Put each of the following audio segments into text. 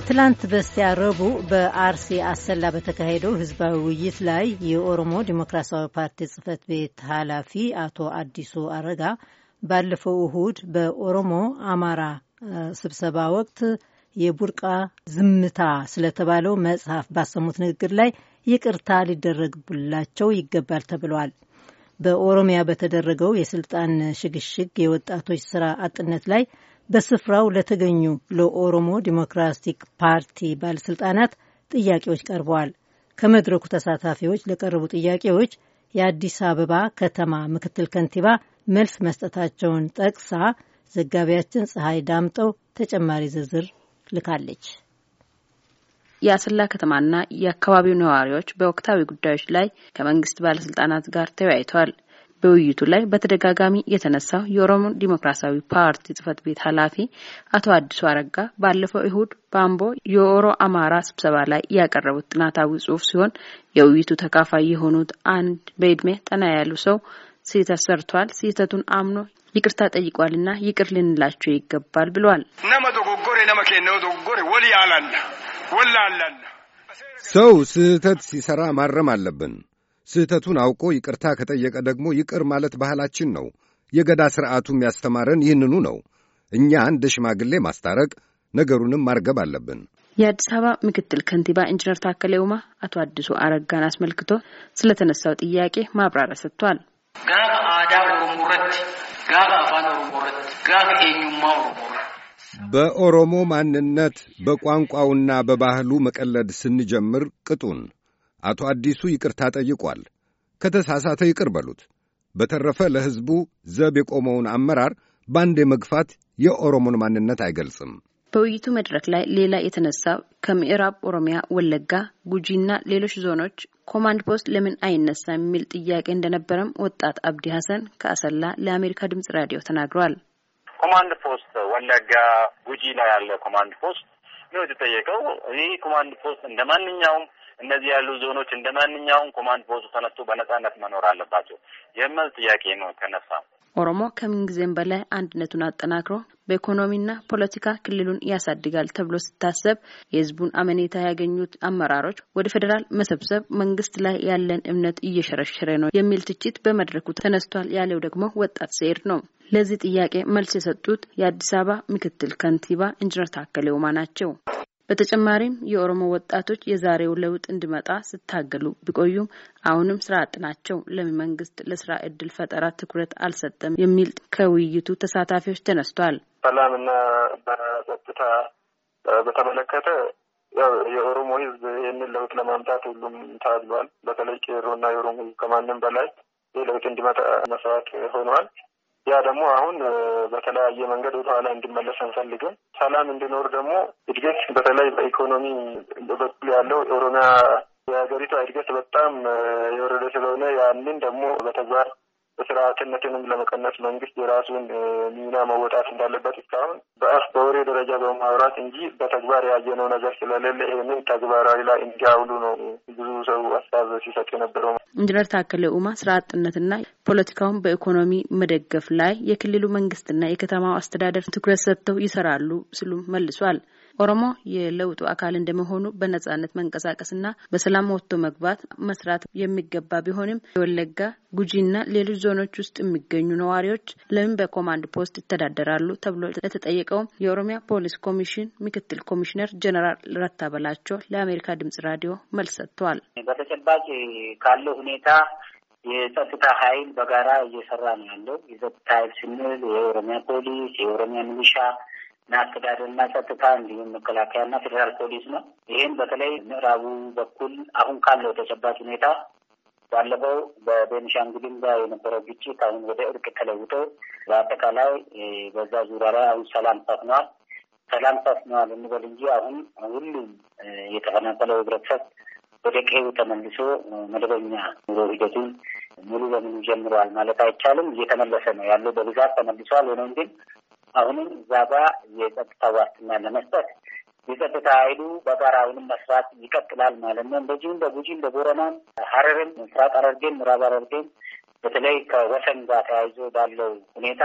ከትላንት በስቲያ ረቡዕ በአርሲ አሰላ በተካሄደው ህዝባዊ ውይይት ላይ የኦሮሞ ዴሞክራሲያዊ ፓርቲ ጽህፈት ቤት ኃላፊ አቶ አዲሱ አረጋ ባለፈው እሁድ በኦሮሞ አማራ ስብሰባ ወቅት የቡርቃ ዝምታ ስለተባለው መጽሐፍ ባሰሙት ንግግር ላይ ይቅርታ ሊደረግላቸው ይገባል ተብለዋል። በኦሮሚያ በተደረገው የስልጣን ሽግሽግ የወጣቶች ስራ አጥነት ላይ በስፍራው ለተገኙ ለኦሮሞ ዲሞክራቲክ ፓርቲ ባለስልጣናት ጥያቄዎች ቀርበዋል። ከመድረኩ ተሳታፊዎች ለቀረቡ ጥያቄዎች የአዲስ አበባ ከተማ ምክትል ከንቲባ መልስ መስጠታቸውን ጠቅሳ ዘጋቢያችን ፀሐይ ዳምጠው ተጨማሪ ዝርዝር ልካለች። የአሰላ ከተማና የአካባቢው ነዋሪዎች በወቅታዊ ጉዳዮች ላይ ከመንግስት ባለስልጣናት ጋር ተወያይተዋል። በውይይቱ ላይ በተደጋጋሚ የተነሳው የኦሮሞ ዲሞክራሲያዊ ፓርቲ ጽህፈት ቤት ኃላፊ አቶ አዲሱ አረጋ ባለፈው እሁድ በአምቦ የኦሮ አማራ ስብሰባ ላይ ያቀረቡት ጥናታዊ ጽሁፍ ሲሆን የውይይቱ ተካፋይ የሆኑት አንድ በእድሜ ጠና ያሉ ሰው ስህተት ሰርቷል፣ ስህተቱን አምኖ ይቅርታ ጠይቋልና ይቅር ልንላቸው ይገባል ብሏል። ሰው ስህተት ሲሰራ ማረም አለብን። ስህተቱን አውቆ ይቅርታ ከጠየቀ ደግሞ ይቅር ማለት ባህላችን ነው። የገዳ ሥርዓቱ የሚያስተማረን ይህንኑ ነው። እኛ እንደ ሽማግሌ ማስታረቅ፣ ነገሩንም ማርገብ አለብን። የአዲስ አበባ ምክትል ከንቲባ ኢንጂነር ታከለ ኡማ አቶ አዲሱ አረጋን አስመልክቶ ስለተነሳው ጥያቄ ማብራሪያ ሰጥቷል። ጋብ አዳ ኦሮሞረት ጋብ አፋን ኦሮሞረት ጋብ ኤኙማ በኦሮሞ ማንነት በቋንቋውና በባህሉ መቀለድ ስንጀምር ቅጡን አቶ አዲሱ ይቅርታ ጠይቋል። ከተሳሳተ ይቅር በሉት። በተረፈ ለሕዝቡ ዘብ የቆመውን አመራር በአንድ መግፋት የኦሮሞን ማንነት አይገልጽም። በውይይቱ መድረክ ላይ ሌላ የተነሳ ከምዕራብ ኦሮሚያ ወለጋ፣ ጉጂና ሌሎች ዞኖች ኮማንድ ፖስት ለምን አይነሳ የሚል ጥያቄ እንደነበረም ወጣት አብዲ ሀሰን ከአሰላ ለአሜሪካ ድምጽ ራዲዮ ተናግሯል። ኮማንድ ፖስት ወለጋ ጉጂ ላይ ያለ ኮማንድ ፖስት ነው የተጠየቀው። ይህ ኮማንድ ፖስት እንደ ማንኛውም እነዚህ ያሉ ዞኖች እንደ ማንኛውም ኮማንድ ፖስቱ ተነስቶ በነጻነት መኖር አለባቸው የሚል ጥያቄ ነው የተነሳ። ኦሮሞ ከምን ጊዜም በላይ አንድነቱን አጠናክሮ በኢኮኖሚና ፖለቲካ ክልሉን ያሳድጋል ተብሎ ሲታሰብ የህዝቡን አመኔታ ያገኙት አመራሮች ወደ ፌዴራል መሰብሰብ መንግስት ላይ ያለን እምነት እየሸረሸረ ነው የሚል ትችት በመድረኩ ተነስቷል ያለው ደግሞ ወጣት ሰኢድ ነው። ለዚህ ጥያቄ መልስ የሰጡት የአዲስ አበባ ምክትል ከንቲባ ኢንጂነር ታከለ ኡማ ናቸው። በተጨማሪም የኦሮሞ ወጣቶች የዛሬው ለውጥ እንዲመጣ ስታገሉ ቢቆዩም አሁንም ስራ አጥ ናቸው፣ ለስራ እድል ፈጠራ ትኩረት አልሰጠም? የሚል ከውይይቱ ተሳታፊዎች ተነስቷል። ሰላምና በጸጥታ በተመለከተ የኦሮሞ ህዝብ ይህንን ለውጥ ለማምጣት ሁሉም ታግሏል። በተለይ ቄሮና የኦሮሞ ህዝብ ከማንም በላይ ይህ ለውጥ እንዲመጣ መስዋዕት ሆኗል። ያ ደግሞ አሁን በተለያየ መንገድ ወደ ኋላ እንድመለስ አንፈልግም። ሰላም እንዲኖር ደግሞ እድገት በተለይ በኢኮኖሚ በኩል ያለው ኦሮሚያ የሀገሪቷ እድገት በጣም የወረደ ስለሆነ ያንን ደግሞ በተግባር ስርዓትነትንም ለመቀነስ መንግስት የራሱን ሚና መወጣት እንዳለበት እስካሁን በአፍ በወሬ ደረጃ በማውራት እንጂ በተግባር ያየነው ነገር ስለሌለ ይህንን ተግባራዊ ላይ እንዲያውሉ ነው ብዙ ሰው አሳብ ሲሰጥ የነበረው። ኢንጂነር ታከለ ኡማ ስራ አጥነትና ፖለቲካውን በኢኮኖሚ መደገፍ ላይ የክልሉ መንግስትና የከተማው አስተዳደር ትኩረት ሰጥተው ይሰራሉ ስሉም መልሷል። ኦሮሞ የለውጡ አካል እንደመሆኑ በነጻነት መንቀሳቀስና በሰላም ወጥቶ መግባት መስራት የሚገባ ቢሆንም የወለጋ ጉጂና ሌሎች ዞኖች ውስጥ የሚገኙ ነዋሪዎች ለምን በኮማንድ ፖስት ይተዳደራሉ ተብሎ ለተጠየቀውም የኦሮሚያ ፖሊስ ኮሚሽን ምክትል ኮሚሽነር ጀነራል ረታ በላቸው ለአሜሪካ ድምጽ ራዲዮ መልስ ሰጥተዋል። በተጨባጭ ካለው ሁኔታ የጸጥታ ኃይል በጋራ እየሰራ ነው ያለው። የጸጥታ ኃይል ስንል የኦሮሚያ ፖሊስ፣ የኦሮሚያ ሚሊሻ እና አስተዳደርና ጸጥታ እንዲሁም መከላከያና ፌዴራል ፖሊስ ነው። ይህም በተለይ ምዕራቡ በኩል አሁን ካለው ተጨባጭ ሁኔታ ባለፈው በቤኒሻንጉልም ጋር የነበረው ግጭት አሁን ወደ እርቅ ተለውጦ በአጠቃላይ በዛ ዙሪያ ላይ አሁን ሰላም ሰፍነዋል። ሰላም ሰፍነዋል እንበል እንጂ አሁን ሁሉም የተፈናቀለው ህብረተሰብ ወደ ቀዩ ተመልሶ መደበኛ ኑሮ ሂደቱን ሙሉ በሙሉ ጀምረዋል ማለት አይቻልም። እየተመለሰ ነው ያለው በብዛት ተመልሷል። ሆኖም ግን አሁንም እዛ ጋ የጸጥታ ዋስትና ለመስጠት የጸጥታ ኃይሉ በጋራ አሁንም መስራት ይቀጥላል ማለት ነው። እንደዚሁም በጉጂም በቦረናም፣ ሀረርም፣ ምስራቅ ሐረርጌም፣ ምዕራብ ሐረርጌም በተለይ ከወሰን ጋር ተያይዞ ባለው ሁኔታ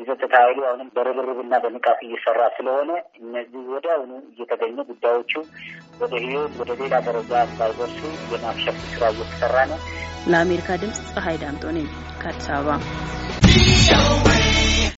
የጸጥታ ኃይሉ አሁንም በርብርብና በንቃት እየሰራ ስለሆነ እነዚህ ወዲያውኑ እየተገኘ ጉዳዮቹ ወደ ህይወት ወደ ሌላ ደረጃ ባይደርሱ የማክሸፍ ስራ እየተሰራ ነው። ለአሜሪካ ድምፅ ፀሐይ ዳምጦ ነኝ ከአዲስ አበባ።